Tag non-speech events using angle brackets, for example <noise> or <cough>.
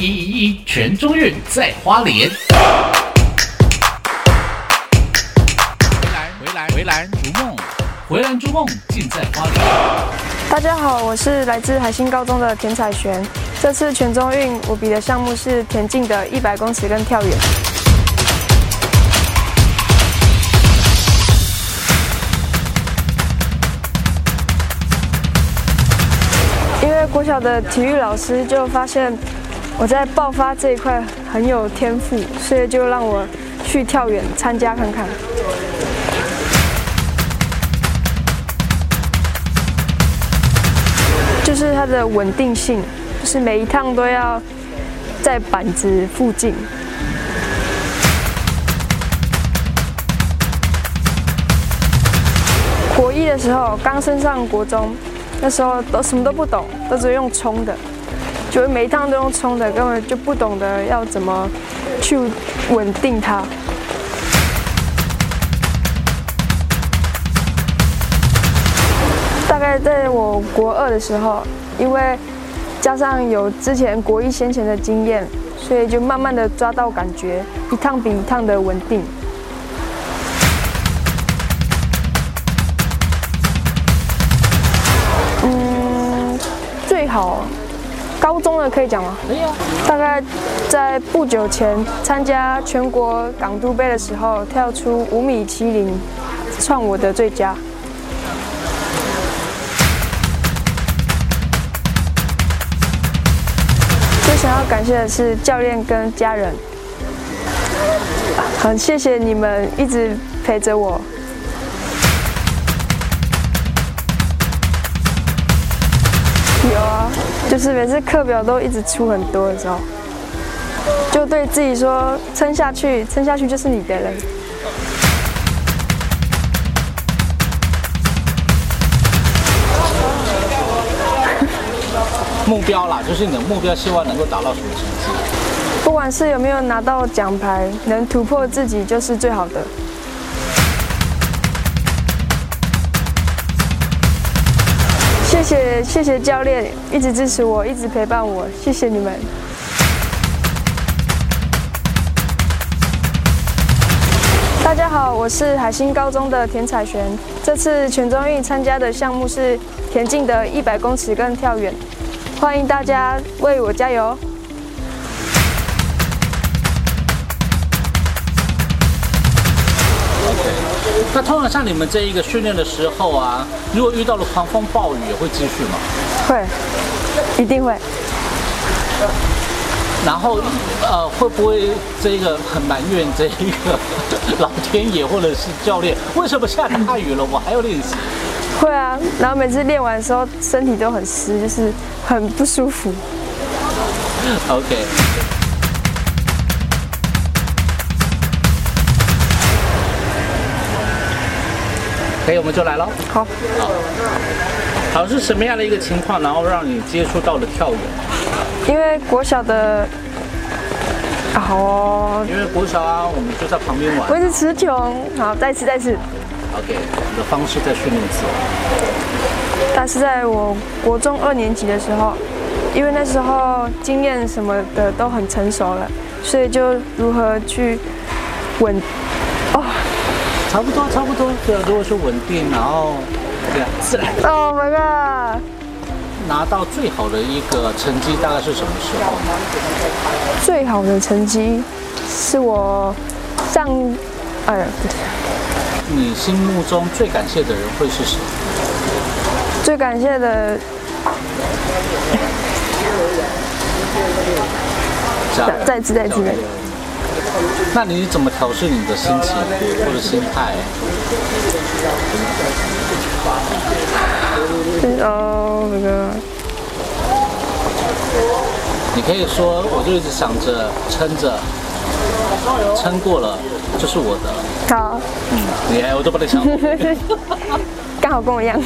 一一一全中運在花蓮，回來回來回來逐夢，回來逐夢盡在花蓮。大家好，我是來自海星高中的田彩璇，這次全中運我比的項目是田徑的一百公尺跟跳遠。因為國小的體育老師就發現。我在爆發這一塊很有天賦，所以就讓我去跳遠參加看看。就是它的穩定性，就是每一趟都要在板子附近。國一的時候剛升上國中，那時候都什麼都不懂，都只用衝的。就是每一趟都用衝的，根本就不懂得要怎麼去穩定它。大概在我國二的時候，因為加上有之前國一先前的經驗，所以就慢慢的抓到感覺，一趟比一趟的穩定。嗯，最好。高中的可以講嗎？沒有。大概在不久前參加全國港都杯的時候，跳出五米七零，創我的最佳。最 <music> 想要感謝的是教練跟家人，很謝謝你們一直陪着我。就是每次課表都一直出很多的時候，就對自己說：撐下去，撐下去就是你的了。 <laughs> 目標啦，就是你的目標，希望能夠達到什麼程度？不管是有沒有拿到獎牌，能突破自己就是最好的。謝謝謝謝教練一直支持我，一直陪伴我，謝謝你們。大家好，我是海星高中的田彩璇，這次全中運參加的項目是田徑的一百公尺跟跳遠，歡迎大家為我加油。那通常像你們這一個訓練的時候啊，如果遇到了狂風暴雨，也會繼續嗎？會，一定會。然後，呃，會不會這一個很埋怨這一個老天爺或者是教練，為什麼下大雨了我還要練習？會啊，然後每次練完的時候身體都很濕，就是很不舒服。OK。以，okay, 我們就來了好。好，好是什麼樣的一個情況，然後讓你接觸到了跳遠？因為國小的。啊、好哦。因為國小啊，我們就在旁邊玩。我是詞窮，好，再次，再次。OK，我們的方式再訓練一次。但是在我國中二年級的時候，因為那時候經驗什麼的都很成熟了，所以就如何去穩。差不多，差不多。對啊，如果說穩定，然後對啊，自然、oh my god，拿到最好的一個成績大概是什麼時候？最好的成績是我上哎呀。不，你心目中最感謝的人會是誰？最感謝的。人再接再接。人那你怎麼調適你的心情或者心態？哎那個，你可以說，我就一直想着撐着，撐過了就是我的。嗯。好。嗯，你哎，我都不得想。剛好跟我一樣。